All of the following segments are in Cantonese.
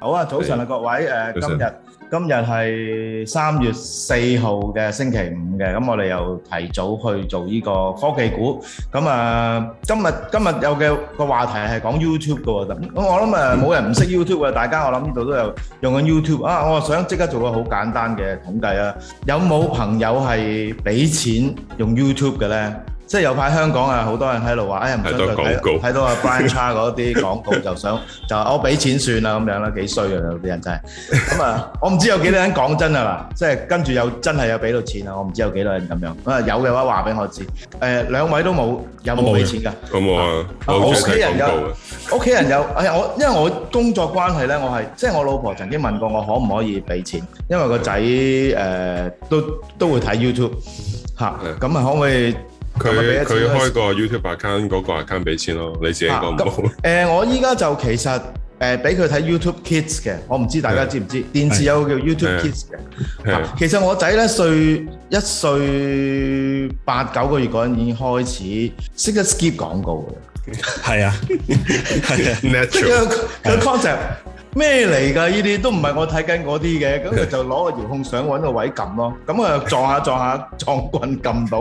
好啊，早晨啊各位，誒、呃、今日今日係三月四號嘅星期五嘅，咁我哋又提早去做呢個科技股，咁啊今日今日有嘅個話題係講 YouTube 㗎喎，咁咁我諗啊冇人唔識 YouTube 嘅，大家我諗呢度都有用緊 YouTube 啊，我想即刻做個好簡單嘅統計啊，有冇朋友係俾錢用 YouTube 嘅呢？即係有排香港啊，好多人喺度話，誒，唔想再睇廣告睇到阿 Brian Shaw 嗰啲廣告，就想就話我俾錢算啦咁樣啦，幾衰啊！有啲人真係咁啊！我唔知有幾多人講真啊啦，即係跟住又真係有俾到錢啊！我唔知有幾多人咁樣啊？有嘅話話俾我知，誒，兩位都冇有冇俾錢㗎？咁我啊，屋企人有，屋企人有，誒，我因為我工作關係咧，我係即係我老婆曾經問過我可唔可以俾錢，因為個仔，誒都都會睇 YouTube 嚇，咁啊可唔可以？佢佢開個 YouTube account 嗰個 account 俾錢咯，你自己講唔到、啊。誒、呃，我依家就其實誒俾佢睇 YouTube Kids 嘅，我唔知大家知唔知電視有個叫 YouTube Kids 嘅、啊。其實我仔咧歲一歲八九個月嗰陣已經開始識得 skip 廣告嘅，係啊，係啊，即係佢佢 concept。咩嚟㗎？依啲都唔係我睇緊嗰啲嘅，咁佢就攞個遙控想揾個位撳咯，咁啊撞下撞下撞棍撳到，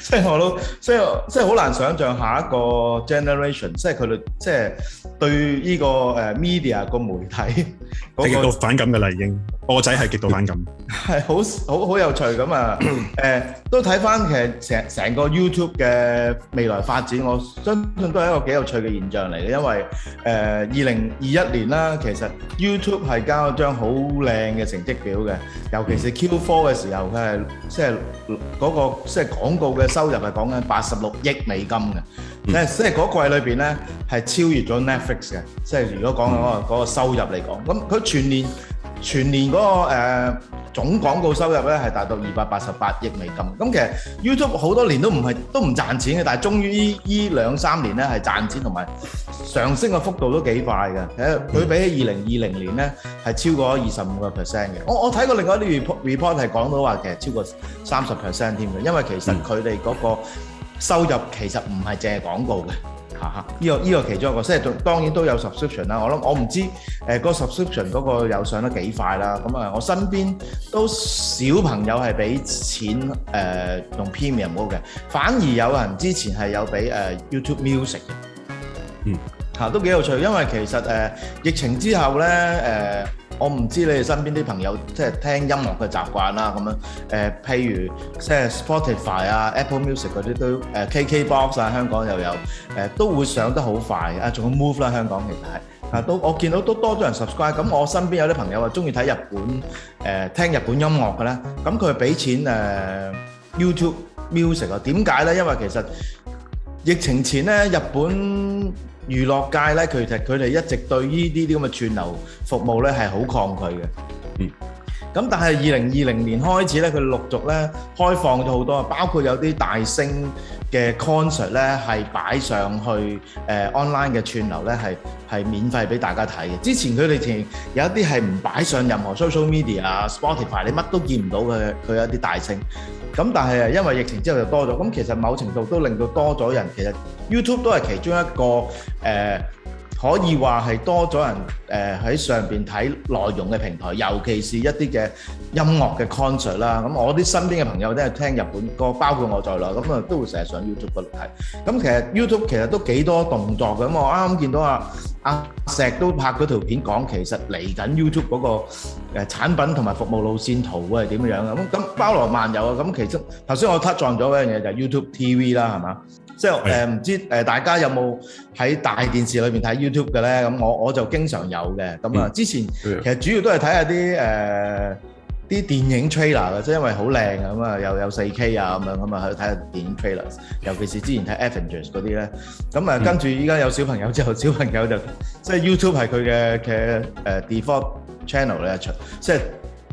所以我都，所以，所以好難想象下一個 generation，即係佢哋，即係對依個誒 media 個媒體極度反感㗎啦，已經，我個仔係極度反感，係好，好，好有趣咁啊！誒，都睇翻其實成成個 YouTube 嘅未來發展，我相信都係一個幾有趣嘅現象嚟嘅，因為誒二零二一年。啦，其實 YouTube 係交咗張好靚嘅成績表嘅，尤其是 Q4 嘅時候，佢係即係嗰個即係、就是、廣告嘅收入係講緊八十六億美金嘅，即係嗰季裏邊咧係超越咗 Netflix 嘅，即係如果講嗰個嗰個收入嚟講，咁佢全年。全年嗰個誒總廣告收入咧係達到二百八十八億美金。咁其實 YouTube 好多年都唔係都唔賺錢嘅，但係終於呢兩三年咧係賺錢，同埋上升嘅幅度都幾快嘅。誒，佢比起二零二零年咧係超過二十五個 percent 嘅。我我睇過另外一啲 report，report 係講到話其實超過三十 percent 添嘅。因為其實佢哋嗰個收入其實唔係淨係廣告嘅。吓、這個！呢、這個呢其中一個，即係當然都有 subscription 啦。我諗我唔知誒個 subscription 嗰個有上得幾快啦。咁、嗯、啊，我身邊都小朋友係俾錢、呃、用 Premium 嘅，反而有人之前係有俾、呃、YouTube Music 嘅、呃。吓、嗯！都幾有趣，因為其實、呃、疫情之後咧我唔知你哋身邊啲朋友即係聽音樂嘅習慣啦，咁樣誒，譬如即係 Spotify 啊、Apple Music 嗰啲都誒 KKBox 啊，香港又有誒都會上得好快啊，仲 move 啦香港其實係啊，都我見到都多咗人 subscribe。咁我身邊有啲朋友啊，鍾意睇日本誒聽日本音樂嘅咧，咁佢俾錢誒 YouTube Music 啊？點解咧？因為其實疫情前咧，日本娛樂界呢，其實佢哋一直對呢啲啲咁嘅串流服務呢係好抗拒嘅。咁但係二零二零年開始呢，佢陸續呢開放咗好多，包括有啲大星嘅 concert 咧係擺上去誒、呃、online 嘅串流咧係係免費俾大家睇嘅。之前佢哋前有一啲係唔擺上任何 social media 啊、Spotify 你乜都見唔到嘅。佢有一啲大聲，咁但係啊因為疫情之後就多咗。咁其實某程度都令到多咗人。其實 YouTube 都係其中一個誒。呃可以話係多咗人誒喺上邊睇內容嘅平台，尤其是一啲嘅音樂嘅 content 啦。咁我啲身邊嘅朋友都係聽日本歌，包括我在內，咁啊都會成日上 YouTube 嗰度睇。咁其實 YouTube 其實都幾多動作嘅。咁我啱啱見到阿阿石都拍嗰條片講，其實嚟緊 YouTube 嗰個誒產品同埋服務路線圖係點樣嘅。咁咁包羅萬有啊。咁其實頭先我突撞咗一樣嘢就係 YouTube TV 啦，係嘛？即係誒唔知誒大家有冇喺大電視裏邊睇 YouTube 嘅咧？咁我我就經常有嘅。咁啊，之前其實主要都係睇下啲誒啲電影 trailer 嘅，即係因為好靚咁啊，又有四 K 啊咁樣咁啊，喺度睇下電影 trailer。尤其是之前睇 Avengers 嗰啲咧。咁啊，跟住依家有小朋友之後，小朋友就即係 YouTube 係佢嘅嘅 default channel 嚟嘅，除即係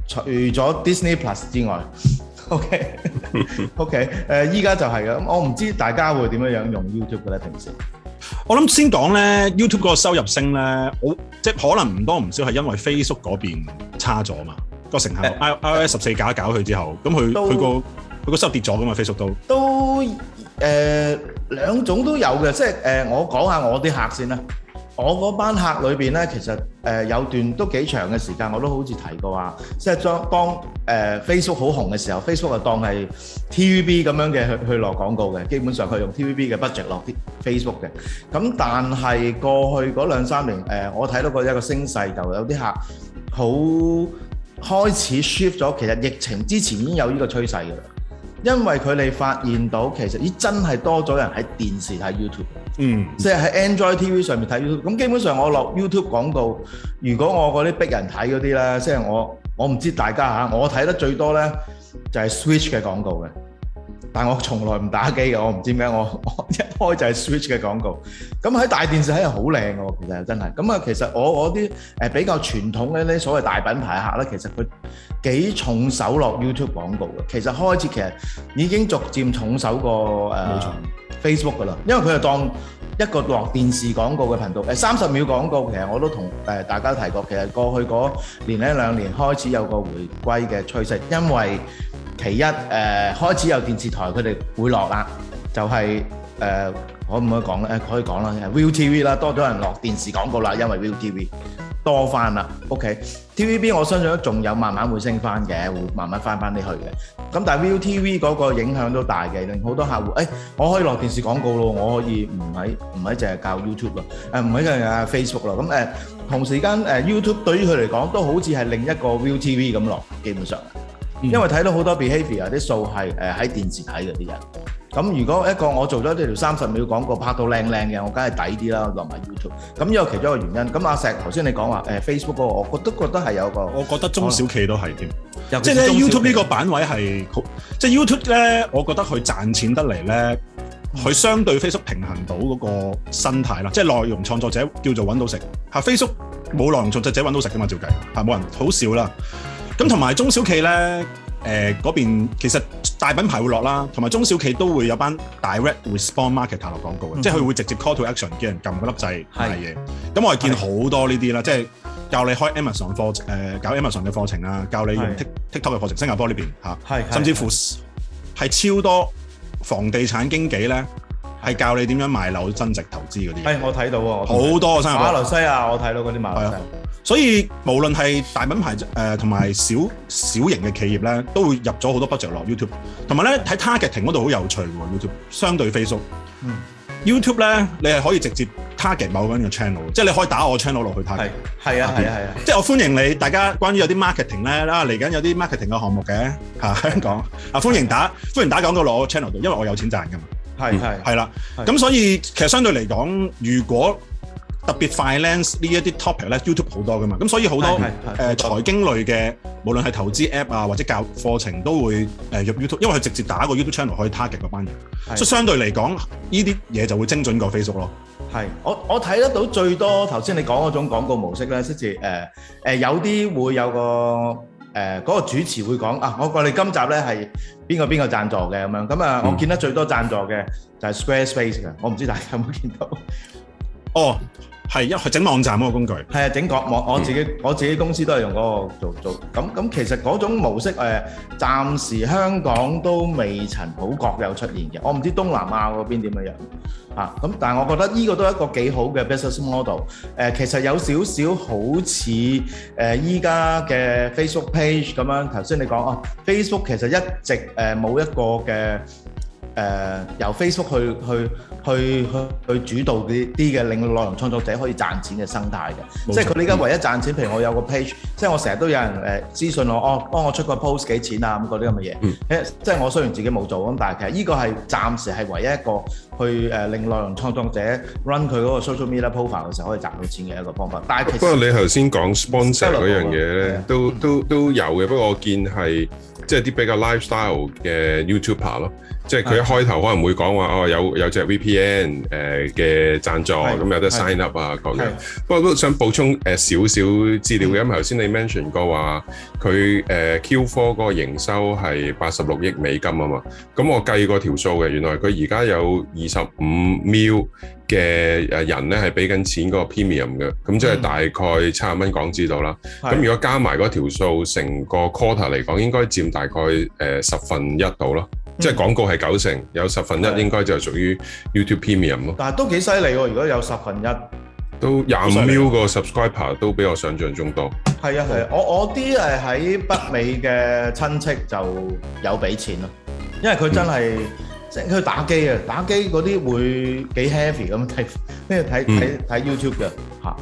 除咗 Disney Plus 之外。 O K，O K，誒依家就係啦，咁我唔知大家會點樣樣用 YouTube 嘅咧？平時我諗先講咧，YouTube 個收入升咧，好即係可能唔多唔少係因為 Facebook 嗰邊差咗嘛，個成效。iOS 十四搞一搞佢之後，咁佢佢個佢個收入跌咗噶嘛，Facebook 都都誒、呃、兩種都有嘅，即係誒、呃、我講下我啲客先啦。我嗰班客裏面呢，其實有段都幾長嘅時間，我都好似提過話。即係當當誒 Facebook 好紅嘅時候，Facebook 就當係 TVB 咁樣嘅去去落廣告嘅，基本上佢用 TVB 嘅 budget 落啲 Facebook 嘅。咁但係過去嗰兩三年誒，我睇到過一個升勢，就有啲客好開始 shift 咗。其實疫情之前已經有呢個趨勢㗎喇。因為佢哋發現到其實真係多咗人喺電視睇 YouTube，嗯，即係喺 Android TV 上面睇 YouTube。咁基本上我落 YouTube 廣告，如果我嗰啲逼人睇嗰啲啦，即係我我唔知大家吓，我睇得最多呢就係、是、Switch 嘅廣告嘅但我從來唔打機嘅，我唔知點解我我一開就係 Switch 嘅廣告。咁喺大電視睇係好靚嘅，其實真係。咁啊，其實我我啲誒比較傳統嘅啲所謂大品牌客咧，其實佢幾重手落 YouTube 廣告嘅。其實開始其實已經逐漸重手過、啊、Facebook 㗎啦，因為佢係當一個落電視廣告嘅頻道誒三十秒廣告。其實我都同誒大家提過，其實過去嗰年呢兩年開始有個回歸嘅趨勢，因為其一，誒開始有電視台，佢哋會落啦，就係誒可唔可以講咧？誒可以講啦，Viu TV 啦，多咗人落電視廣告啦，因為 Viu TV 多返啦。OK，TVB 我相信仲有慢慢會升返嘅，會慢慢返返啲去嘅。咁但係 Viu TV 嗰個影響都大嘅，令好多客戶誒，我可以落電視廣告咯，我可以唔係唔係淨係教 YouTube 咯，誒唔係淨係 Facebook 咯。咁誒同時間誒 YouTube 對於佢嚟講都好似係另一個 Viu TV 咁落，基本上。因為睇到好多 behaviour 啲數係誒喺電視睇嘅啲人，咁如果一個我做咗呢條三十秒廣告拍到靚靚嘅，我梗係抵啲啦，落埋 YouTube。咁有其中一個原因。咁阿石頭先你講話誒 Facebook 嗰個，我都覺得係有個，我覺得中小企都係添。即係咧 YouTube 呢個版位係，即係 YouTube 咧，我覺得佢賺錢得嚟咧，佢相對 Facebook 平衡到嗰個生態啦。即係內容創作者叫做揾到食，嚇 Facebook 冇內容創作者揾到食噶嘛？照計嚇，冇人好少啦。咁同埋中小企咧，誒、呃、嗰邊其實大品牌會落啦，同埋中小企都會有班 direct response market 下落廣告，嗯、即係佢會直接 call to action 叫人撳嗰粒掣買嘢。咁我哋見好多呢啲啦，即係教你開 Amazon、呃、搞 Amazon 嘅課程啊，教你用 TikTok 嘅課程。新加坡呢邊甚至乎係超多房地產經紀咧。係教你點樣買樓增值投資嗰啲。係，我睇到喎，好多啊，新加坡、馬來西亞，我睇到嗰啲賣樓、啊、所以無論係大品牌誒同埋小小型嘅企業咧，都會入咗好多 budget 落 YouTube。同埋咧，喺 targeting 嗰度好有趣喎，YouTube 相對 Facebook、嗯。YouTube 咧，你係可以直接 target 某個人嘅 channel，即係你可以打我 channel 落去睇。係。係啊，係啊，係啊，啊，啊。即係我歡迎你，大家關於有啲 marketing 咧，啦嚟緊有啲 marketing 嘅項目嘅嚇、啊、香港 啊，歡迎打、啊、打歡迎打廣告落我 channel 度，因為我有錢賺噶嘛。係係係啦，咁、嗯、所以其實相對嚟講，如果特別 finance 呢一啲 topic 咧，YouTube 好多噶嘛，咁所以好多誒、呃、財經類嘅，無論係投資 App 啊或者教課程都會入、呃、YouTube，因為佢直接打個 YouTube channel 可以 target 嗰班人，所以相對嚟講，呢啲嘢就會精準過 Facebook 咯。係，我我睇得到最多頭先你講嗰種廣告模式咧，即是、呃呃、有啲會有個。誒、呃、嗰、那個主持會講啊，我覺得你今集咧係邊個邊個贊助嘅咁樣，咁啊我見得最多贊助嘅就係 Squarespace 嘅，我唔知大家有冇見到，哦。係，一係整網站嗰、啊、個工具。係啊，整個網，我自己、嗯、我自己公司都係用嗰個做做。咁咁其實嗰種模式誒、呃，暫時香港都未曾好確有出現嘅。我唔知東南亞嗰邊點樣樣咁、啊、但係我覺得呢個都係一個幾好嘅 business model、呃。誒，其實有少少好似誒依家嘅 Facebook page 咁樣。頭先你講哦、啊、Facebook 其實一直誒冇、呃、一個嘅。誒、呃、由 Facebook 去去去去去主導啲啲嘅，令內容創作者可以賺錢嘅生態嘅，即係佢哋而家唯一賺錢。譬如我有個 page，即係我成日都有人誒諮詢我，哦，幫我出個 post 幾錢啊咁嗰啲咁嘅嘢。即係我雖然自己冇做咁，但係其實呢個係暫時係唯一一個去誒令內容創作者 run 佢嗰個 social media profile 嘅時候可以賺到錢嘅一個方法。但係其實不過你頭先講 sponsor 嗰樣嘢咧，都、嗯、都都有嘅。不過我見係即係啲比較 lifestyle 嘅 YouTuber 咯。即係佢一開頭可能會講話哦，有有隻 VPN 誒、呃、嘅贊助，咁有得 sign up 啊。講嘢不過都想補充、呃、少少資料嘅，嗯、因為頭先你 mention 過話佢誒 Q4 個營收係八十六億美金啊嘛。咁我計過條數嘅，原來佢而家有二十五 mil 嘅人咧係俾緊錢嗰個 premium 嘅，咁即係大概七十蚊港紙度啦。咁、嗯、如果加埋嗰條數，成個 quarter 嚟講應該佔大概誒、呃、十分一度咯。即係廣告係九成，有十分一應該就屬於 YouTube Premium 咯。但係都幾犀利喎！如果有十分一，都廿五秒個 subscriber 都比我想象中多。係啊係啊，我我啲誒喺北美嘅親戚就有俾錢咯，因為佢真係即係佢打機啊，打機嗰啲會幾 heavy 咁睇，跟住睇睇睇 YouTube 嘅嚇。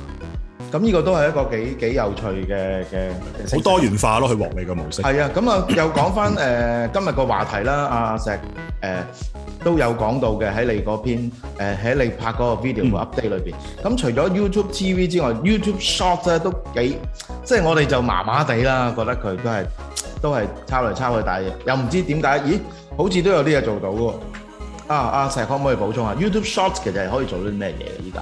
咁呢個都係一個幾幾有趣嘅嘅，好多元化咯，佢獲利嘅模式。係、 呃、啊，咁啊又講翻今日個話題啦，阿、呃、石都有講到嘅喺你嗰篇喺、呃、你拍嗰個 video update 裏面。咁、嗯、除咗 YouTube TV 之外、嗯，YouTube Shorts 咧、啊、都幾，即係我哋就麻麻地啦，覺得佢都係都係抄嚟抄去，大嘅又唔知點解，咦？好似都有啲嘢做到喎、啊。啊石可唔可以補充下 YouTube Shorts 其實係可以做到啲咩嘢嘅依家？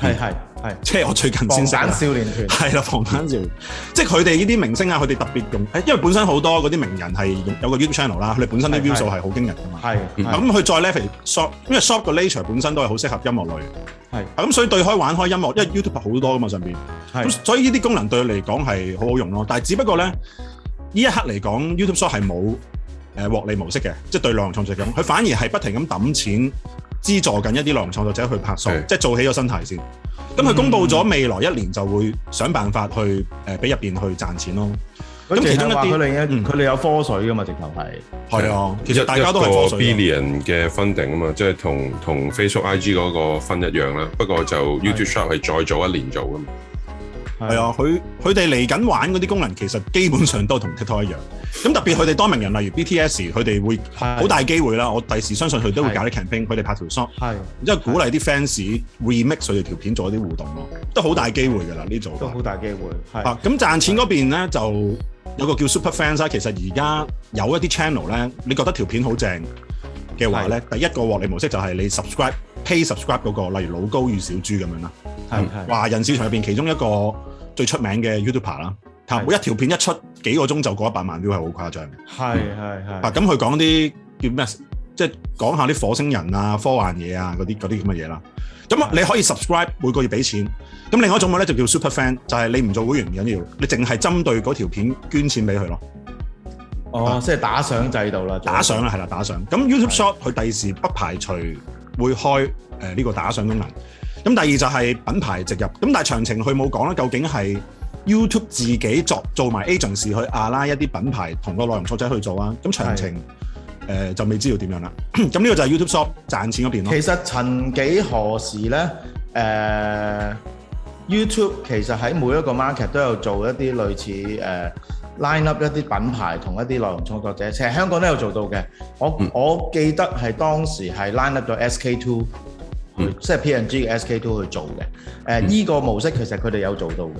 係係係，即係我最近先識。防彈少年團係啦，防彈少年，即係佢哋呢啲明星啊，佢哋特別用，因為本身好多嗰啲名人係有個 YouTube channel 啦，佢哋本身啲 view 數係好驚人噶嘛。係咁，佢再 leverage shop，因為 shop 個 nature 本身都係好適合音樂類。係咁，所以對開玩開音樂，因為 YouTube 好多噶嘛上邊。係咁，所以呢啲功能對佢嚟講係好好用咯。但係只不過咧，呢一刻嚟講，YouTube shop 係冇誒獲利模式嘅，即係對內容重視咁。佢反而係不停咁揼錢。資助緊一啲內容創作者去拍攝，即係做起咗新題先。咁、嗯、佢公佈咗未來一年就會想辦法去誒俾、呃、入面去賺錢咯。咁其中一啲，即係話佢哋，佢哋、嗯、有科水噶嘛？直頭係係啊，其實大家都係科水，billion 嘅 funding 啊嘛，即係同同 Facebook、IG 嗰個分一樣啦。不過就 YouTube Shop 係再早一年做噶嘛。係啊，佢佢哋嚟緊玩嗰啲功能，其實基本上都同 TikTok 一樣。咁特別佢哋多名人，例如 BTS，佢哋會好大機會啦。我第時相信佢都會搞啲 campaign，佢哋拍條 short 即係鼓勵啲 fans remix 佢哋條片做一啲互動咯，都好大機會㗎啦呢組。都好大機會。係。咁、啊、賺錢嗰邊咧就有個叫 Super Fans 啦其實而家有一啲 channel 咧，你覺得條片好正嘅話咧，第一個獲利模式就係你 subscribe。Pay subscribe 嗰個，例如老高與小豬咁樣啦，係係華人市場入邊其中一個最出名嘅 YouTuber 啦，每一條片一出幾個鐘就過一百萬 view 係好誇張嘅，係係係。啊、嗯，咁佢講啲叫咩？即係講下啲火星人啊、科幻嘢啊嗰啲嗰啲咁嘅嘢啦。咁你可以 subscribe 每個月俾錢，咁另外一種咧就叫 Super Fan，就係你唔做會員唔緊要，你淨係針對嗰條片捐錢俾佢咯。哦，即係打賞制度啦，打賞啦係啦，打賞。咁 YouTube Shop 佢第時不排除。會開誒呢個打賞功能，咁第二就係品牌植入，咁但係詳情佢冇講啦，究竟係 YouTube 自己作做埋 agent 時去阿拉、啊、一啲品牌同個內容作者去做啊？咁詳情誒、呃、就未知道點樣啦。咁呢 個就係 YouTube Shop 賺錢嗰邊咯。其實曾幾何時咧？誒、呃、YouTube 其實喺每一個 market 都有做一啲類似誒。呃 Line up 一啲品牌同一啲內容創作者，其實香港都有做到嘅。我我記得係當時係 line up 咗 SK Two，即係 P&G 嘅 SK Two 去做嘅。誒，呢個模式其實佢哋有做到嘅。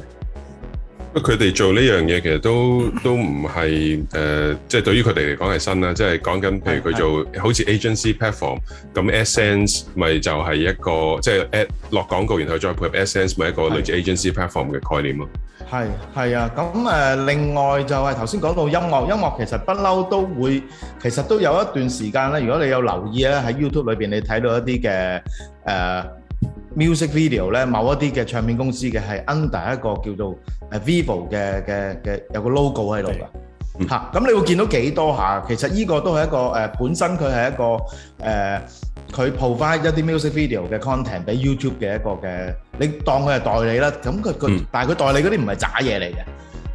不過佢哋做呢樣嘢其實都都唔係誒，即係對於佢哋嚟講係新啦。即係講緊譬如佢做好似 agency platform，咁 SNS 咪就係一個即係 ad 落廣告，然後再配合 SNS 咪一個類似 agency platform 嘅概念咯。係係啊，咁誒另外就係頭先講到音樂，音樂其實不嬲都會，其實都有一段時間咧。如果你有留意咧，喺 YouTube 裏邊你睇到一啲嘅誒 music video 咧，某一啲嘅唱片公司嘅係 under 一個叫做誒 Vevo 嘅嘅嘅有個 logo 喺度㗎。吓、嗯，咁你會見到幾多下？其實呢個都係一個、呃、本身佢係一個誒，佢、呃、provide 一啲 music video 嘅 content 俾 YouTube 嘅一個嘅，你當佢係代理啦。咁佢佢，但係佢代理嗰啲唔係渣嘢嚟嘅。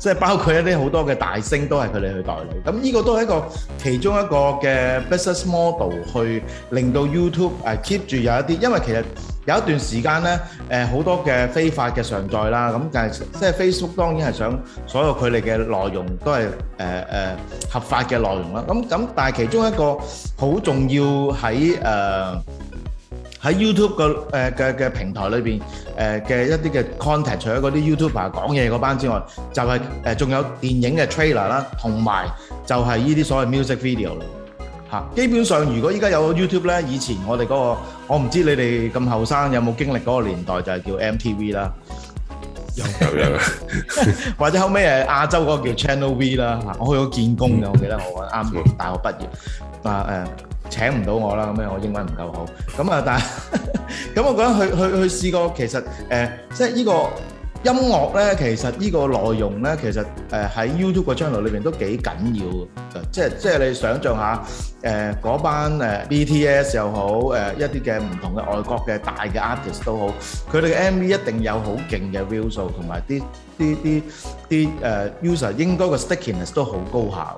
即係包括一啲好多嘅大星都係佢哋去代理，咁呢個都係一個其中一個嘅 business model 去令到 YouTube keep 住有一啲，因為其實有一段時間呢，好多嘅非法嘅上載啦，咁但係即係 Facebook 當然係想所有佢哋嘅內容都係、呃呃、合法嘅內容啦，咁咁但係其中一個好重要喺喺 YouTube 嘅誒嘅嘅平台裏邊，誒嘅一啲嘅 content，除咗嗰啲 YouTuber 講嘢嗰班之外，就係誒仲有電影嘅 trailer 啦，同埋就係依啲所謂 music video 啦。嚇，基本上如果依家有 YouTube 咧，以前我哋嗰個，我唔知你哋咁後生有冇經歷嗰個年代，就係叫 MTV 啦。有有，或者後尾誒亞洲嗰個叫 Channel V 啦。嚇，我去過見工嘅，我記得我啱大學畢業啊誒。請唔到我啦，咁樣我英文唔夠好。咁啊，但係咁，我覺得去去去試過，其實誒，即係依個音樂咧，其實依個內容咧，其實誒喺 YouTube 嘅 channel 裏邊都幾緊要嘅。即係即係你想象下誒嗰班誒 BTS 又好誒一啲嘅唔同嘅外國嘅大嘅 artist 都好，佢哋嘅 MV 一定有好勁嘅 view 數同埋啲啲啲啲誒 user，應該個 stickiness 都好高效。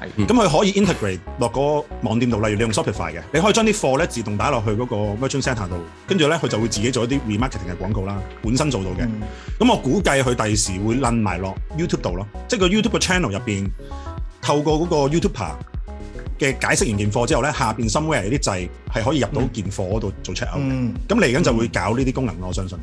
咁、嗯、佢可以 integrate 落嗰網店度，例如你用 Shopify 嘅，你可以將啲貨咧自動打落去嗰個 Merchant Center 度，跟住咧佢就會自己做一啲 remarketing 嘅廣告啦，本身做到嘅。咁我估計佢第時會冧埋落 YouTube 度咯，即係個 YouTube channel 入邊透過嗰個 YouTuber 嘅解釋完件貨之後咧，下邊 somewhere 有啲掣係可以入到件貨嗰度做 check out 嘅，咁嚟緊就會搞呢啲功能咯，我相信。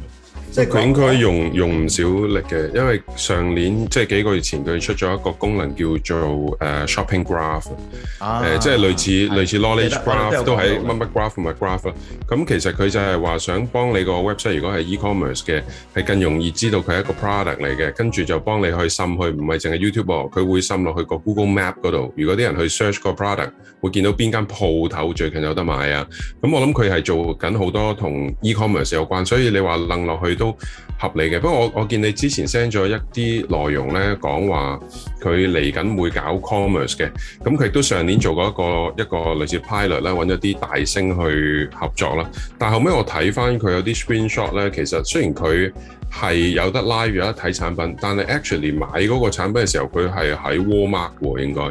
即係佢應該用用唔少力嘅，因為上年即係、就是、幾個月前佢出咗一個功能叫做誒、uh, Shopping Graph，誒、uh, 呃、即係類似、uh, 類似是 Knowledge Graph 都喺 member graph 咪 Graph 啦，咁其實佢就係話想幫你個 website 如果係 e-commerce 嘅，係更容易知道佢係一個 product 嚟嘅，跟住就幫你去滲去，唔係淨係 YouTube 喎佢會滲落去個 Google Map 度。如果啲人去 search 個 product，會見到邊間鋪頭最近有得買啊。咁我諗佢係做緊好多同 e-commerce 有關，所以你話楞落去。都合理嘅，不過我我見你之前 send 咗一啲內容咧，講話佢嚟緊會搞 commerce 嘅，咁佢亦都上年做過一個一個類似 pilot 咧，揾咗啲大星去合作啦。但後尾我睇翻佢有啲 screen shot 咧，其實雖然佢係有得拉有得睇產品，但係 actually 買嗰個產品嘅時候，佢係喺 Walmart 喎，應該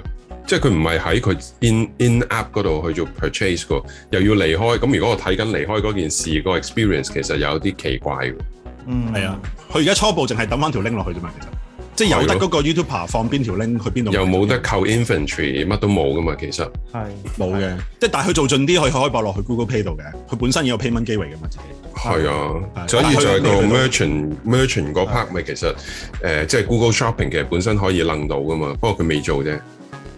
即係佢唔係喺佢 in in app 嗰度去做 purchase 嘅，又要離開。咁如果我睇緊離開嗰件事、個 experience，其實有啲奇怪。嗯，係啊，佢而家初步淨係抌翻條 link 落去啫嘛，其實即係有得嗰個 YouTuber 放邊條 link 去邊度？又冇得靠 infantry，乜都冇噶嘛，其實係冇嘅。即但係佢做盡啲，佢可以播落去 Google Pay 度嘅。佢本身已有 payment 機會嘅嘛，自己、啊，係啊。所以就係 merchant merchant 嗰 part 咪其實誒，即係、呃就是、Google Shopping 其實本身可以掹到噶嘛。不過佢未做啫。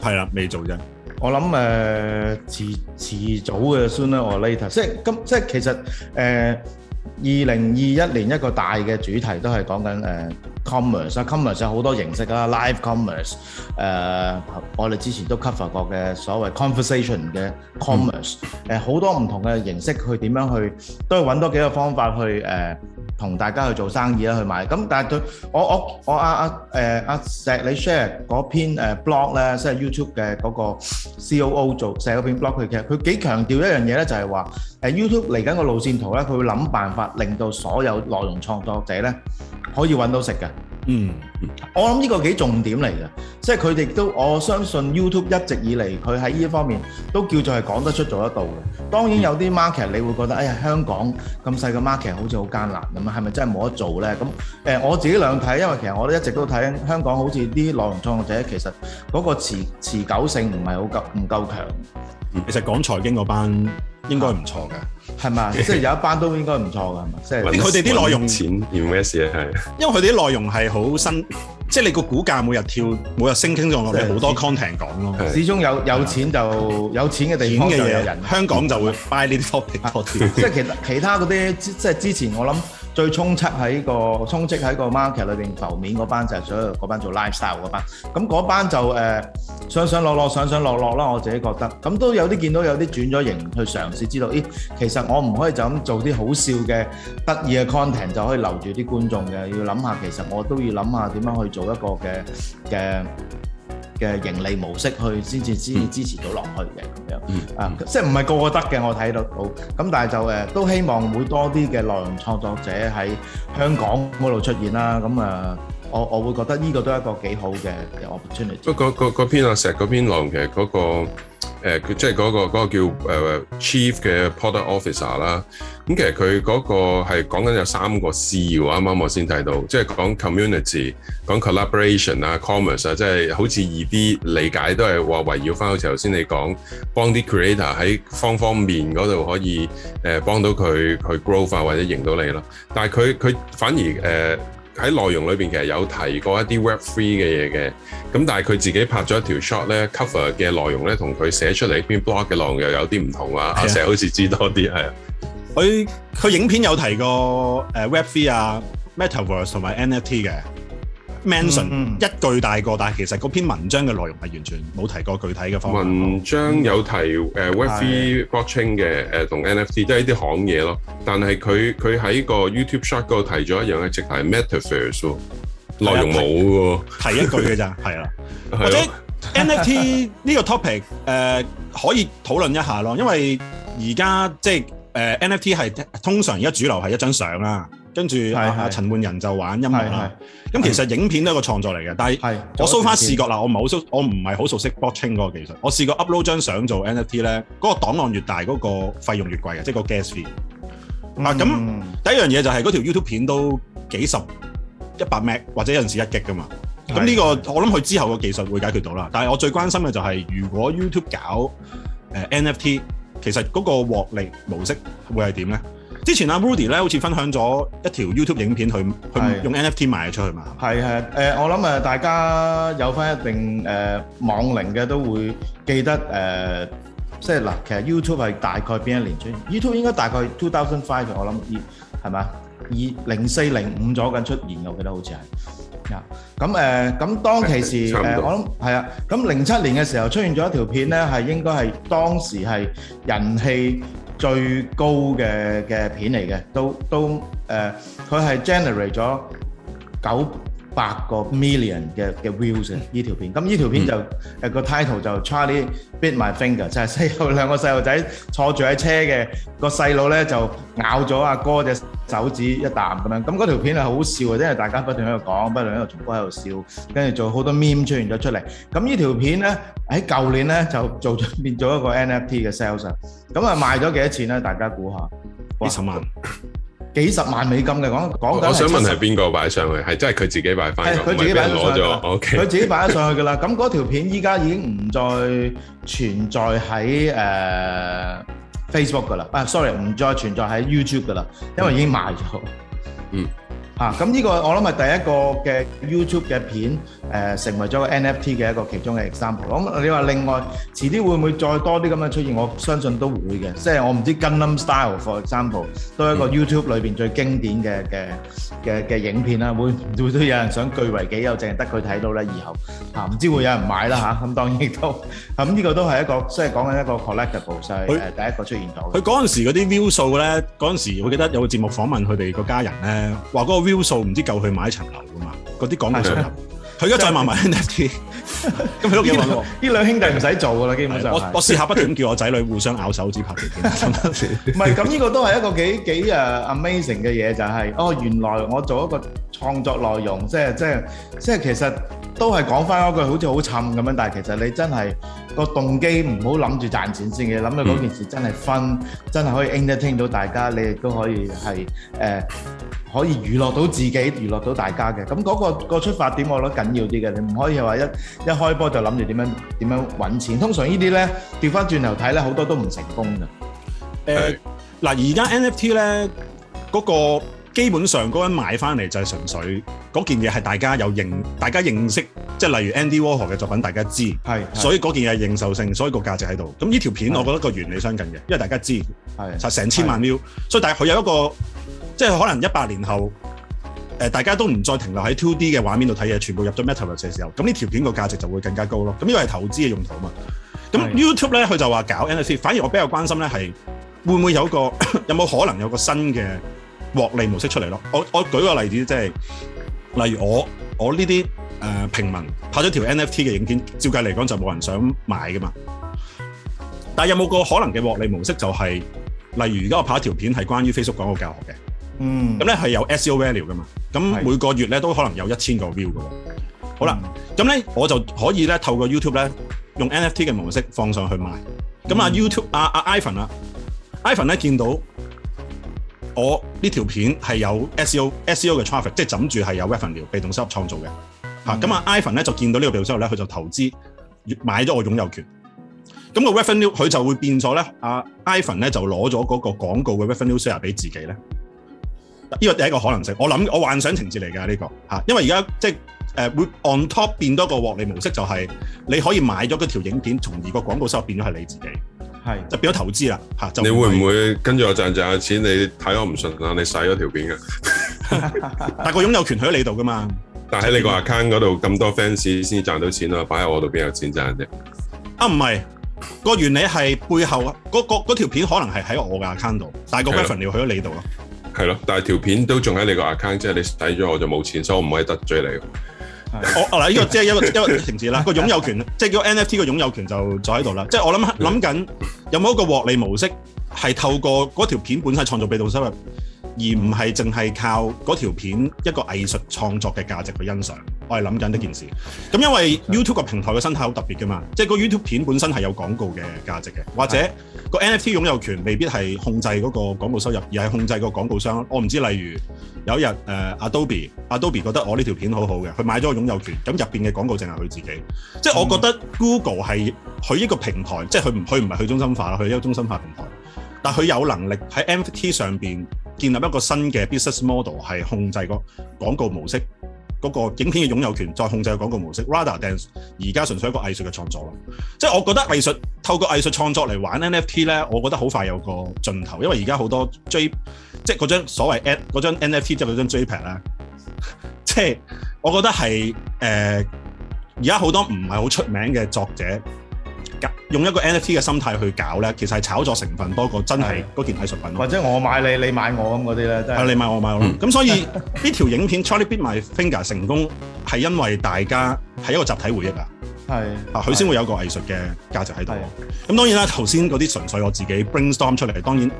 係啦，未做啫。我諗誒、呃、遲遲早嘅，sooner or later 即。即係咁，即係其實誒。呃二零二一年一個大嘅主題都係講緊誒 commerce，啊 commerce 有好多形式啦，live commerce，誒我哋之前都 cover 過嘅所謂 conversation 嘅 commerce，誒好多唔同嘅形式去點樣去，都係揾多幾個方法去誒同大家去做生意啦去買。咁但係對我我我阿阿誒阿石，你 share 嗰篇誒 blog 咧，即係 YouTube 嘅嗰個 COO 做 share 嗰篇 blog 佢，其實佢幾強調一樣嘢咧，就係話誒 YouTube 嚟緊個路線圖咧，佢會諗辦。辦法令到所有內容創作者咧可以揾到食嘅，嗯，我諗呢個幾重點嚟嘅，即係佢哋都我相信 YouTube 一直以嚟佢喺呢一方面都叫做係講得出做得到嘅。當然有啲 market 你會覺得，哎呀香港咁細個 market 好似好艱難，咁係咪真係冇得做咧？咁誒我自己兩睇，因為其實我都一直都睇香港好似啲內容創作者其實嗰個持持久性唔係好夠唔夠強。其實講財經嗰班應該唔錯㗎，係咪吧 即係有一班都應該唔錯㗎，係咪？ 即係佢哋啲內容錢 VS 啊，係。 因為佢哋啲內容係好新，即係你個股價每日跳，每日升傾咗落嚟好多 content 講咯。錢吧始終有有錢就有錢嘅地方嘅嘢，就有人。香港就會 buy 呢啲 topic 多啲，即係其實其他嗰啲即係之前我諗。最充斥喺、嗰個充斥喺個 market 裏面，浮面嗰班就係所有嗰班做 lifestyle 嗰班，咁嗰班就誒、呃、上上落落上上落落啦，我自己覺得，咁都有啲見到有啲轉咗型去嘗試，知道咦、欸，其實我唔可以就咁做啲好笑嘅得意嘅 content 就可以留住啲觀眾嘅，要諗下其實我都要諗下點樣去做一個嘅嘅，嘅嘅盈利模式去先至先至支持到落去嘅咁樣，啊，即係唔係個個得嘅，我睇得到。咁但係就誒、啊、都希望會多啲嘅內容創作者喺香港嗰度出現啦。咁啊，我我會覺得呢個都係一個幾好嘅 opportunity。不過、嗰個、嗰個邊、嗰個、啊，成嗰邊郎其實嗰個誒，佢即係嗰個嗰個叫誒 chief 嘅 product officer 啦。咁其實佢嗰個係講緊有三個 C 嘅，啱啱我先睇到，即係講 community、講 collaboration 啊 commerce 啊，即係好似易啲理解都係話圍繞翻好似頭先你講，幫啲 creator 喺方方面嗰度可以誒幫到佢去 grow 翻、啊、或者認到你咯。但係佢佢反而誒喺、呃、內容裏面其實有提過一啲 Web3 嘅嘢嘅，咁但係佢自己拍咗一條 short 咧 cover 嘅內容咧，同佢寫出嚟篇 blog 嘅內容又有啲唔同啊。阿、yeah. 石好似知道多啲係啊。佢佢影片有提過誒 Web3 啊、Metaverse 同埋 NFT 嘅 mention 一句大個，但係其實嗰篇文章嘅內容係完全冇提過具體嘅方法。文章有提誒 Web3 blockchain 嘅誒同 NFT，即係呢啲行嘢咯。但係佢佢喺個 YouTube shot 嗰度提咗一樣嘅，直係 Metaverse 喎。內容冇喎，提一句嘅咋？係啊，或者 NFT 呢個 topic 誒可以討論一下咯，因為而家即係。誒、uh, NFT 係通常而家主流係一張相啦，跟住阿陳奐仁就玩音樂啦。咁其實影片都係一個創作嚟嘅，但係我搜翻視覺嗱，我唔係好熟，我唔係好熟悉 Blockchain 嗰個技術。我試過 upload 張相做 NFT 咧，嗰個檔案越大，嗰、那個費用越貴嘅，即係個 Gas Fee。啊、嗯，咁、uh, 第一樣嘢就係嗰條 YouTube 片都幾十、一百 Meg 或者有陣時一 G 噶嘛。咁呢、這個我諗佢之後個技術會解決到啦。但係我最關心嘅就係、是、如果 YouTube 搞誒、uh, NFT。其實嗰個獲利模式會係點咧？之前阿 Rudy 咧好似分享咗一條 YouTube 影片去去用 NFT 賣出去嘛是。係係誒，我諗誒大家有返一定誒、呃、網齡嘅都會記得誒、呃，即係嗱，其實 YouTube 係大概邊一年出現？YouTube 應該大概 two thousand five 我諗二係咪？二零四零五左近出現，我記得好似係。咁、yeah. 誒，咁、呃、當其時，誒、呃，我諗係啊，咁零七年嘅時候出現咗一條片咧，係應該係當時係人氣最高嘅嘅片嚟嘅，都都誒，佢、呃、係 generate 咗九百個 million 嘅嘅 views 啊！依條片，咁依條片就誒個 title 就 Charlie bit my finger，就係細有兩個細路仔坐住喺車嘅，個細路咧就咬咗阿哥隻手指一啖咁樣。咁嗰條片係好笑啊，因為大家不斷喺度講，不斷喺度重播喺度笑，跟住做好多 meme 出現咗出嚟。咁依條片咧喺舊年咧就做咗變咗一個 NFT 嘅 sales 啊。咁啊賣咗幾多錢咧？大家估下？一十萬。幾十萬美金嘅講講緊，我想問係邊個擺上去？係真係佢自己擺翻，佢自己攞咗。OK，佢自己擺咗上去㗎啦。咁嗰條片依家已經唔再存在喺誒 Facebook 㗎啦。啊，sorry，唔再存在喺 YouTube 㗎啦，因為已經賣咗。嗯。嚇，咁呢個我諗係第一個嘅 YouTube 嘅片，誒成為咗個 NFT 嘅一個其中嘅 example，咁你話另外遲啲會唔會再多啲咁樣出現？我相信都會嘅，即係我唔知 Gangnam Style for example 都係一個 YouTube 裏邊最經典嘅嘅嘅嘅影片啦，會會都有人想據為己有，淨係得佢睇到咧。以後嚇唔知會有人買啦嚇，咁當然都咁呢個都係一個即係講緊一個 collectible，所以係第一個出現到。佢嗰陣時嗰啲 view 數咧，嗰陣時我記得有個節目訪問佢哋個家人咧，話嗰個。標數唔知夠去買一層樓噶嘛？嗰啲廣告層樓，佢而家再賣埋 NFT，咁佢都幾穩喎。呢兩兄弟唔使做噶啦，基本上我我試下，不斷叫我仔女互相咬手指牌。唔係，咁呢個都係一個幾幾誒 amazing 嘅嘢，就係哦，原來我做一個創作內容，即係即係即係其實。都係講翻嗰句好似好沉咁樣，但係其實你真係個動機唔好諗住賺錢先嘅，諗到嗰件事真係分，真係可以 engaging 到大家，你亦都可以係誒可以娛樂到自己，娛樂到大家嘅。咁嗰個個出發點我覺得緊要啲嘅，你唔可以話一一開波就諗住點樣點樣揾錢。通常呢啲咧調翻轉頭睇咧，好多都唔成功嘅。誒嗱，而家 NFT 咧嗰個。基本上嗰、那個人買翻嚟就係純粹嗰件嘢係大家有認，大家認識，即係例如 Andy Warhol 嘅作品，大家知，係，所以嗰件嘢認受性，所以個價值喺度。咁呢條片我，我覺得個原理相近嘅，因為大家知道，係，就成千萬 view 所以但係佢有一個，即係可能一百年後，誒、呃、大家都唔再停留喺 two D 嘅畫面度睇嘢，全部入咗 metaverse 嘅時候，咁呢條片個價值就會更加高咯。咁呢因為投資嘅用途啊嘛，咁 YouTube 咧佢就話搞 NFT，反而我比較關心咧係會唔會有個 有冇可能有個新嘅獲利模式出嚟咯！我我舉個例子，即係例如我我呢啲誒平民拍咗條 NFT 嘅影片，照計嚟講就冇人想買噶嘛。但係有冇個可能嘅獲利模式就係、是，例如而家我拍一條片係關於 Facebook 廣告教學嘅，嗯，咁咧係有 SEO value 噶嘛？咁每個月咧都可能有一千個 view 嘅喎。好啦，咁咧我就可以咧透過 YouTube 咧用 NFT 嘅模式放上去賣。咁、嗯、啊 YouTube 啊啊 Ivan 啊，Ivan 咧見到。我呢條片係有 SEO SEO 嘅 traffic，即係枕住係有 revenue 被動收入創造嘅。咁、嗯、啊，Ivan 咧就見到呢個被動收入咧，佢就投資買咗個擁有權。咁、個 revenue 佢就會變咗咧，阿、啊、Ivan 咧就攞咗嗰個廣告嘅 revenue share 俾自己咧。呢個第一個可能性，我諗我幻想情節嚟㗎呢個，因為而家即係。會、uh, on top 變多個獲利模式就係你可以買咗嗰條影片，從而個廣告收入變咗係你自己，係就變咗投資啦。你會唔會跟住我賺賺下錢？你睇我唔順啊，你洗咗條片嘅， 但係個擁有權喺你度㗎嘛？但喺你個 account 嗰度咁多 fans 先賺到錢咯，擺喺我度邊有錢賺啫？啊，唔係，個原理係背後嗰條片可能係喺我嘅 account 度，但係個 benefit 要去咗你度咯。係咯，但係條片都仲喺你個 account，即係你睇咗我就冇錢，所以我唔可以得罪你。 我嗱，呢、這個即係一個一個嘅情節啦。那個擁有權，即係叫 NFT 個擁有權就就喺度啦。即 係我諗諗緊有冇一個獲利模式係透過嗰條片本身創造被動收入。而唔係淨係靠嗰條片一個藝術創作嘅價值去欣賞，我係諗緊呢件事。咁因為 YouTube 個平台嘅生態好特別㗎嘛，即係個 YouTube 片本身係有廣告嘅價值嘅，或者個 NFT 擁有權未必係控制嗰個廣告收入，而係控制個廣告商。我唔知，例如有一日、呃、Adobe Adobe 覺得我呢條片好好嘅，佢買咗個擁有權，咁入面嘅廣告淨係佢自己。即係我覺得 Google 係佢一個平台，即係佢唔佢唔係去中心化啦，佢係一個中心化平台，但佢有能力喺 NFT 上面。建立一個新嘅 business model 係控制個廣告模式，嗰個影片嘅擁有權再控制個廣告模式，rather than 而家純粹一個藝術嘅創作咯。即係我覺得藝術透過藝術創作嚟玩 NFT 咧，我覺得好快有個盡頭，因為而家好多 J 即係嗰張所謂 N 嗰張 NFT 即係嗰張 Jpeg 咧，即係我覺得係誒而家好多唔係好出名嘅作者。用一個 NFT 嘅心態去搞咧，其實係炒作成分多過真係嗰件藝術品。或者我買你，你買我咁嗰啲咧，係你買我，我買我咁。嗯、所以呢 條影片 Charlie Bit My Finger 成功係因為大家係一個集體回憶㗎啊，係啊，佢先會有個藝術嘅價值喺度。咁當然啦，頭先嗰啲純粹我自己 brainstorm 出嚟，當然。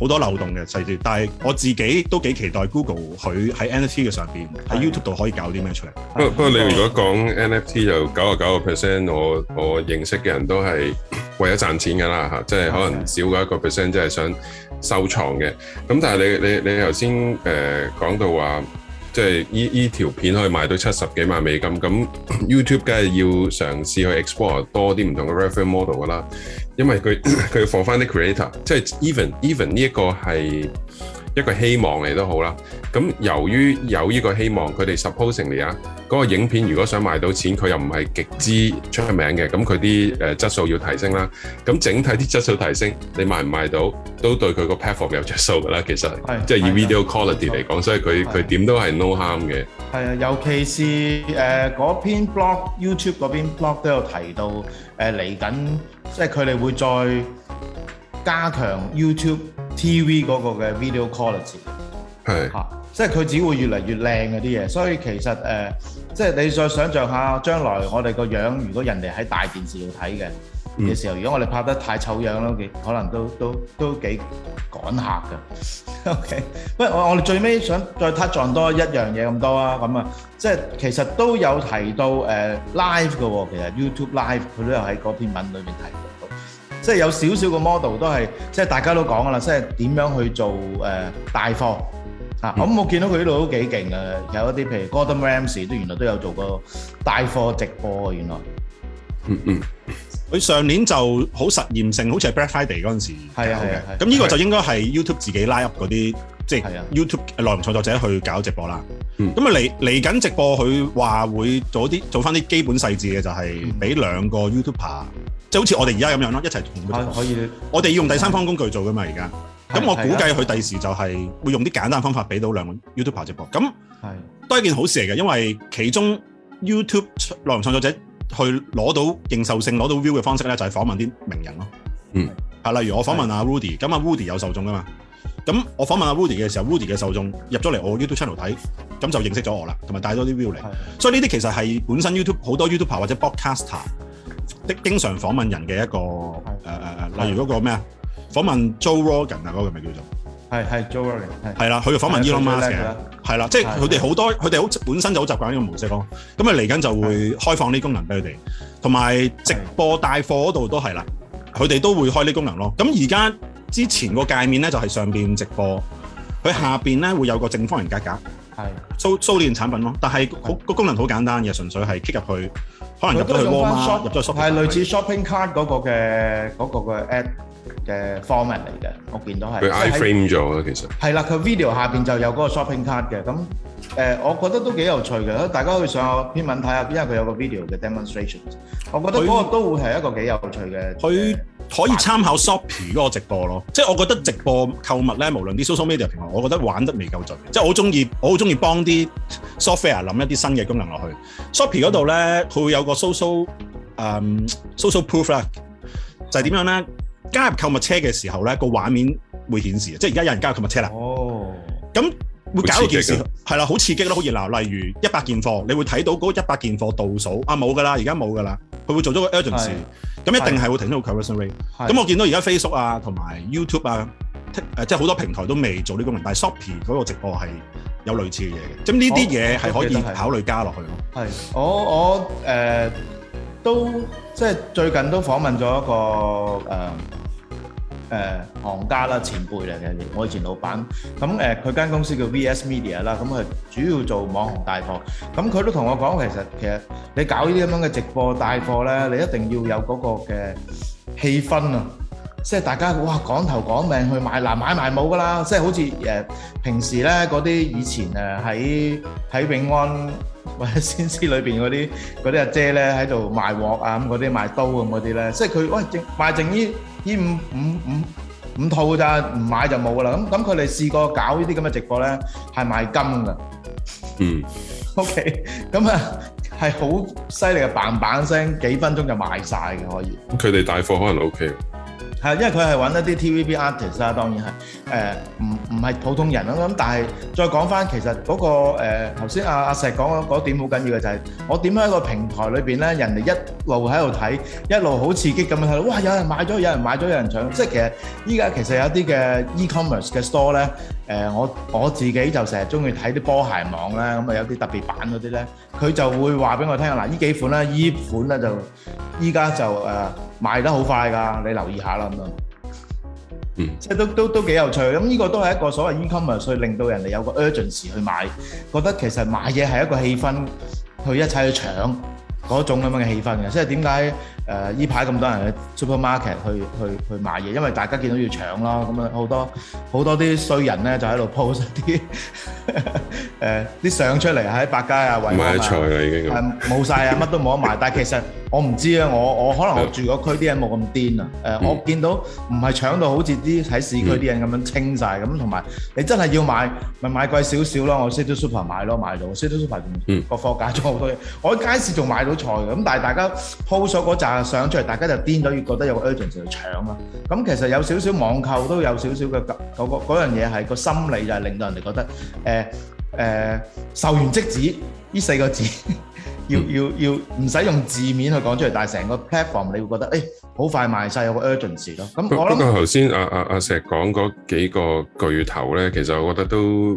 好多漏洞嘅細節，但係我自己都幾期待 Google 佢喺 NFT 嘅上邊喺 YouTube 度可以搞啲咩出嚟。不過不過你如果講 NFT 就九啊九個 percent，我我認識嘅人都係為咗賺錢㗎啦嚇，即係可能少過一個 percent 即係想收藏嘅。咁但係你你你頭先誒講到話。即係依依條片可以賣到七十幾萬美金，咁 YouTube 梗係要嘗試去 explore 多啲唔同嘅 reference model 噶啦，因為佢佢要放返啲 creator，即係 even even 呢一個係。一個希望嚟都好啦，咁由於有呢個希望，佢哋 supposing 嚟啊，嗰個影片如果想賣到錢，佢又唔係極之出名嘅，咁佢啲誒質素要提升啦。咁整體啲質素提升，你賣唔賣到，都對佢個 platform 有著數㗎啦。其實，即係以 video quality 嚟講，所以佢佢點都係 no harm 嘅。係啊，尤其是誒嗰篇 blog YouTube 嗰篇 blog 都有提到，誒嚟緊即係佢哋會再加強 YouTube TV 嗰個嘅 video quality 係嚇，啊，即係佢只會越嚟越靚啲嘢，所以其實誒、呃、即係你再想象下將來我哋個樣，如果人哋喺大電視度睇嘅嘅時候，如果我哋拍得太醜樣咯，幾可能都都都，都幾趕客㗎。 OK，不如我我哋最尾想再 touch on 多一樣嘢咁多啊，咁啊，即係其實都有提到誒、呃、live 嘅、哦、其實 YouTube live 佢都有喺篇文裏面提。即係有少少個 model 都係，即係大家都講噶啦，即係點樣去做誒帶貨啊？我咁我見到佢呢度都幾勁嘅，有一啲譬如 Gordon Ramsay 都原來都有做過帶貨直播原來。嗯嗯。佢上年就好實驗性，好似係 Black Friday 嗰陣時候搞嘅。咁呢、啊啊啊啊、個就應該係 YouTube 自己拉 up 嗰啲，即、就、係、是、YouTube 內容創作者去搞直播啦。咁啊，嚟嚟緊直播，佢話會做啲做翻啲基本細節嘅，就係、是、俾兩個 YouTuber。就好似我哋而家咁樣咯，一齊同佢做。我哋要用第三方工具做噶嘛而家。咁我估計佢第時就係會用啲簡單方法俾到兩個 YouTuber 直播。咁都係件好事嚟嘅，因為其中 YouTube 內容創作者去攞到認受性、攞到 view 嘅方式咧，就係、是、訪問啲名人咯。嗯，係例如我訪問阿 Rudy，咁阿 Rudy 有受眾噶嘛？咁我訪問阿 Rudy 嘅時候，Rudy 嘅受眾入咗嚟我 YouTube channel 睇，咁就認識咗我啦，同埋帶多啲 view 嚟。所以呢啲其實係本身 YouTube 好多 YouTuber 或者 Broadcaster 的經常訪問人嘅一個、呃、例如嗰個咩啊？訪問 Joe Rogan 啊，嗰個咪叫做係係 Joe Rogan 係啦，佢就訪問 Elon Musk 嘅係啦，即係佢哋好多佢哋好本身就好習慣呢個模式咯。咁啊嚟緊就會開放啲功能俾佢哋，同埋直播帶貨度都係啦，佢哋都會開啲功能咯。咁而家之前個界面咧就係上面直播，佢下面咧會有個正方形格格，係蘇，蘇，蘇產品咯，但係好個功能好簡單嘅，純粹係 click 入去。可能佢都用翻 shop，係類似 shopping card 嗰個嘅嗰個嘅 app 嘅 format 嚟嘅，我見到係佢 iframe 咗啦，其實係啦，佢 video 下邊就有嗰個 shopping card 嘅。咁誒，我覺得都幾有趣嘅，大家去上篇文睇下，因為佢有個 video 嘅 demonstration，我覺得嗰個都會係一個幾有趣嘅。佢可以參考 Shoppy 嗰個直播咯，即係我覺得直播購物咧，無論啲 social media 平台，我覺得玩得未夠盡。即係我好中意，我好中意幫啲 software 諗一啲新嘅功能落去。Shoppy 嗰度咧，佢會有個 social 誒 social proof 啦，就係點樣咧？加入購物車嘅時候咧，個畫面會顯示，即係而家有人加入購物車啦。哦，咁。會搞呢件事係啦，好刺激咯，好熱鬧。例如一百件貨，你會睇到嗰一百件貨倒數，啊冇噶啦，而家冇噶啦，佢會做咗個 urgent y 咁一定係會停咗個 conversion rate。咁我見到而家 Facebook 啊，同埋 YouTube 啊，誒即係好多平台都未做呢、呢個功能，但係 Shopee 嗰個直播係有類似嘅嘢嘅。咁呢啲嘢係可以考慮加落去咯。係、哦 okay，就是、我我誒、呃、都即係最近都訪問咗一個誒。呃誒行家啦，前輩嚟嘅，我以前老闆。咁誒，佢間公司叫 VS Media 啦，咁誒主要做網紅帶貨。咁佢都同我講，其實其實你搞呢啲咁樣嘅直播帶貨咧，你一定要有嗰個嘅氣氛啊，即係大家哇講頭講命去買，嗱買埋冇㗎啦，即係好似誒平時咧嗰啲以前誒喺喺永安。或者先師裏邊嗰啲啲阿姐咧喺度賣鑊啊，咁嗰啲賣刀咁嗰啲咧，即係佢哇，淨賣剩呢呢五五五五套咋，唔買就冇噶啦。咁咁佢哋試過搞呢啲咁嘅直播咧，係賣金噶。嗯。O K。咁啊，係好犀利嘅棒棒聲，幾分鐘就賣晒嘅可以。佢哋帶貨可能 O、OK、K。係，因為佢係揾一啲 TVB artist 啦，當然係、呃，唔唔係普通人啦。咁但係再講翻，其實嗰、嗰個誒頭先阿阿石講嗰點好緊要嘅就係、係，我點樣喺個平台裏面呢？人哋一路喺度睇，一路好刺激咁樣睇，哇！有人買咗，有人買咗，有人搶，即係其實而家其實有啲嘅 e-commerce 嘅 store 呢。誒我我自己就成日中意睇啲波鞋網咧，咁啊有啲特別版嗰啲咧，佢就會話俾我聽啊，嗱呢幾款咧，呢款咧就依家就誒賣得好快㗎，你留意下啦咁樣。嗯，即係都都都幾有趣，咁呢個都係一個所謂 e-commerce，所以令到人哋有個 urgent 時去買，覺得其實買嘢係一個氣氛，去一齊去搶嗰種咁樣嘅氣氛嘅，即係點解？誒依排咁多人喺 supermarket 去去去買嘢，因為大家見到要搶啦，咁樣好多好多啲衰人咧就喺度 po 咗啲誒啲相出嚟喺百佳啊，圍埋買菜啊已經樣，誒冇晒啊，乜都冇得買。 但係其實我唔知啊，我我可能我住個區啲人冇咁癲啊。誒、嗯、我見到唔係搶到好似啲喺市區啲人咁樣清晒，咁、嗯，同埋你真係要買咪買貴少少咯。我 City Super 買咯，買到 City Super 仲個貨架仲好多嘢，我喺街市仲買到菜。咁但係大家鋪咗嗰上出嚟，大家就癲咗，越覺得有個 urgent 去搶咯。咁其實有少少網購都有少少嘅嗰個嗰樣嘢，係個心理就係令到人哋覺得誒誒售完即止呢四個字，要要要唔使用字面去講出嚟，但係成個 platform 你會覺得誒好快賣曬，有個 urgent 咯。咁我諗，不過頭先阿阿阿石講嗰幾個巨頭咧，其實我覺得都。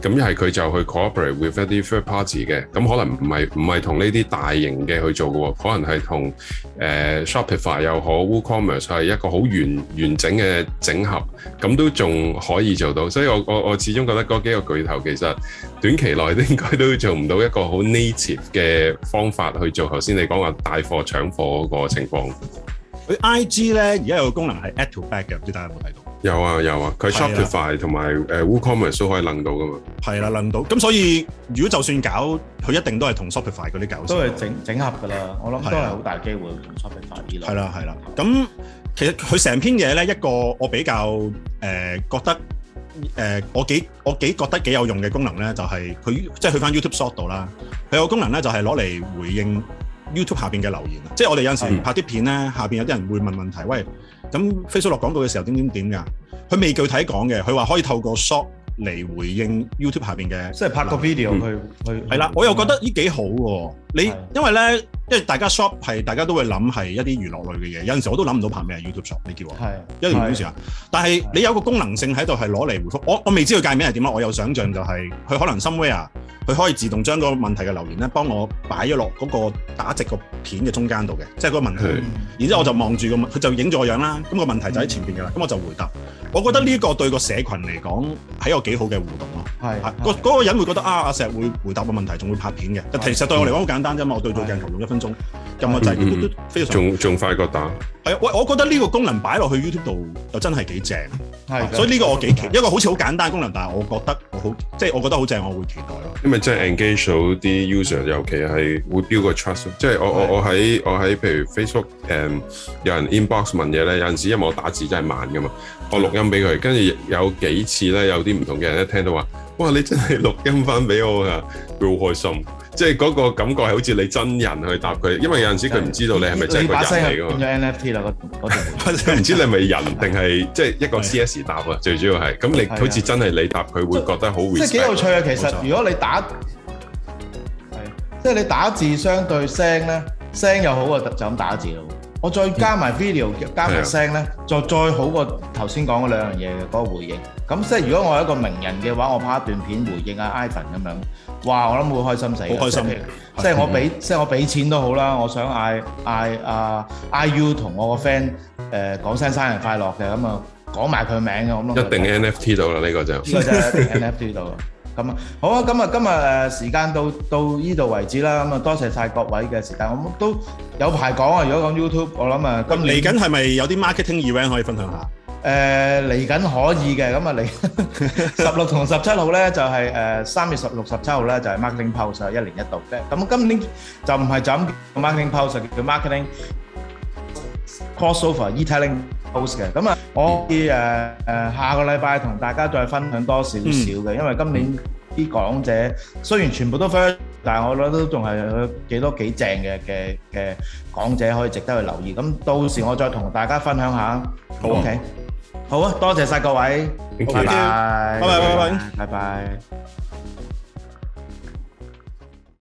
咁一係佢就去 cooperate with 一啲 third party 嘅，咁可能唔係唔係同呢啲大型嘅去做嘅，可能係同、呃、Shopify 又好 WooCommerce 係一個好完完整嘅整合，咁都仲可以做到。所以我我我始終覺得嗰幾個巨頭其實短期內應該都做唔到一個好 native 嘅方法去做。頭先你講話帶貨搶貨嗰個情況，佢 IG 咧而家有個功能係 add to bag 嘅，唔知大家有冇睇到？有啊有啊，佢 Shopify 同埋誒 WooCommerce 都可以攬到噶嘛。係啦，攬到。咁所以如果就算搞，佢一定都係同 Shopify 嗰啲搞，都係整整合噶啦。我諗都係好大機會同 Shopify 啲咯。係啦係啦。咁其實佢成篇嘢咧，一個我比較誒覺得誒，我幾我幾覺得幾有用嘅功能咧，就係佢即係去翻 YouTube Shop 度啦。佢有個功能咧，就係攞嚟回應 YouTube 下邊嘅留言啊。即係我哋有陣時拍啲片咧，下邊有啲人會問問題，喂。咁 Facebook 落廣告嘅時候點點點㗎？佢未具體講嘅，佢話可以透過 shop 嚟回應 YouTube 下面嘅，即係拍個 video、嗯、去去係啦。我又覺得呢幾好喎、啊，你因為咧，即係大家 shop 係大家都會諗係一啲娛樂類嘅嘢，有陣時我都諗唔到拍咩 YouTube shop 你叫我係有陣時啊，但係你有個功能性喺度係攞嚟回覆我，我未知佢界面係點啦，我有想象就係佢可能 somewhere。佢可以自動將個問題嘅留言咧，幫我擺咗落嗰個打直個片嘅中間度嘅，即係個問題。然之後我就望住、那個問，佢就影咗我樣啦。咁、那個問題就喺前邊嘅啦，咁、嗯、我就回答。我覺得呢個對個社群嚟講係一個幾好嘅互動咯。係，個、啊、嗰、那個人會覺得啊，阿、啊、石會回答個問題，仲會拍片嘅。其實對我嚟講好簡單啫嘛，我對住鏡頭用一分鐘咁嘅制，都、就是嗯、都非常。仲仲快過打。係，喂，我覺得呢個功能擺落去 YouTube 度又真係幾正。係，對所以呢個我幾期，對一個好似好簡單功能，對但係我覺得我好，即係我覺得好正，我會期待咯。因為真係 engage 到啲 user，尤其係會 build 個 trust。對即係我對我我喺我喺譬如 Facebook 誒，有人 inbox 問嘢咧，有陣時因為我打字真係慢噶嘛，我錄音俾佢，跟住有幾次咧，有啲唔同嘅人一聽到話，哇！你真係錄音翻俾我啊，佢好開心。即係嗰個感覺係好似你真人去答佢，因為有陣時佢唔知道你係咪真個人嚟㗎嘛。變咗 NFT 啦，嗰嗰陣唔知你係咪人定係即係一個 CS 答啊，最主要係咁你好似真係你答佢會覺得好。即係幾有趣啊！其實如果你打係即係你打字相對聲咧，聲又好啊，就咁打字啦。我再加埋 video 加埋聲咧，就再好過頭先講嗰兩樣嘢嘅嗰個回應。咁即係如果我係一個名人嘅話，我拍一段片回應啊，Ivan 咁樣，哇！我諗會開心死。好開心嘅，即係我俾即係我俾錢都好啦。我想嗌嗌阿 IU 同我個 friend 誒講聲生日快樂嘅，咁啊講埋佢名嘅，我諗一定 NFT 到啦。呢個就呢個就一定 NFT 到。咁啊，好啊，咁啊，今日誒時間到到呢度為止啦，咁啊，多謝晒各位嘅時間，我都有排講啊。如果講 YouTube，我諗啊，咁嚟緊係咪有啲 marketing event 可以分享下？誒，嚟緊可以嘅，咁啊嚟十六同十七號咧，就係誒三月十六、十七號咧，就係 MarketingPulse，一年一度嘅。咁今年就唔係就咁 MarketingPulse，叫 MarketingPulse crossover eTailing。post 嘅，咁啊，我可以誒誒下個禮拜同大家再分享多少少嘅，因為今年啲講者雖然全部都 first，但係我覺得都仲係幾多幾正嘅嘅嘅講者可以值得去留意。咁到時我再同大家分享下。OK，好啊，多謝曬各位，拜拜，拜拜，拜拜，拜拜。